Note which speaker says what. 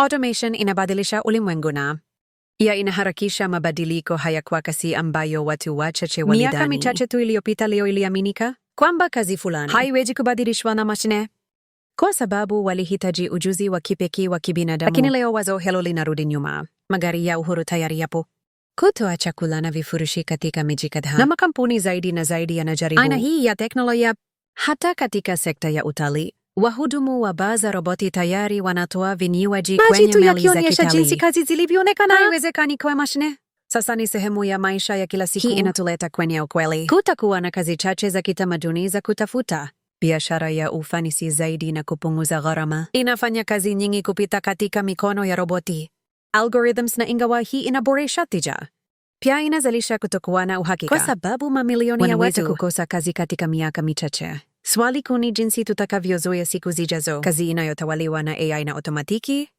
Speaker 1: Automation inabadilisha ulimwenguna. Ya inaharakisha mabadiliko haya kwa kasi ambayo watu wachache walidhani. Miaka
Speaker 2: michache tu iliyopita, leo iliaminika kwamba kazi fulani
Speaker 1: haiwezi kubadilishwa na mashine kwa sababu walihitaji ujuzi wa kipekee wa kibinadamu.
Speaker 2: Lakini leo wazo hilo linarudi nyuma. Magari ya uhuru tayari yapo kutoa chakula na vifurushi katika miji kadhaa,
Speaker 1: na makampuni zaidi na zaidi yanajaribu
Speaker 2: aina hii ya teknolojia, hata katika sekta ya utalii. Wahudumu wa baa za roboti tayari wanatoa vinywaji
Speaker 1: kwenye meli za kitalii. jinsi kazi zilivyoonekana haiwezekani kwa mashine. Sasa ni sehemu ya maisha ya kila siku.
Speaker 2: Hii inatuleta kwenye ukweli, kutakuwa na kazi chache za kitamaduni za kutafuta biashara ya ufanisi zaidi na kupunguza gharama.
Speaker 1: Inafanya kazi nyingi kupita katika mikono ya roboti algorithms, na ingawa hii inaboresha tija, pia inazalisha kutokuwa na uhakika,
Speaker 2: kwa sababu mamilioni ya watu
Speaker 1: kukosa kazi katika miaka michache. Swali kuu ni jinsi tutakavyozoea siku zijazo, kazi inayotawaliwa na AI na otomatiki